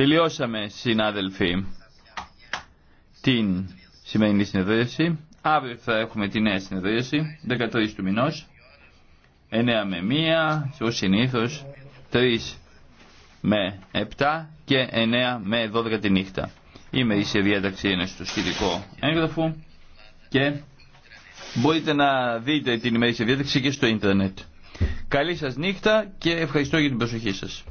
Τελειώσαμε, συνάδελφοι, την σημερινή συνεδρίαση. Αύριο θα έχουμε τη νέα συνεδρίαση, 13 του μηνός, 9 με 1, ως συνήθως, 3 με 7 και 9 με 12 τη νύχτα. η σε διάταξη είναι στο σχετικό έγγραφο και μπορείτε να δείτε την ημερήσια διάταξη και στο ίντερνετ. Καλή σας νύχτα και ευχαριστώ για την προσοχή σας.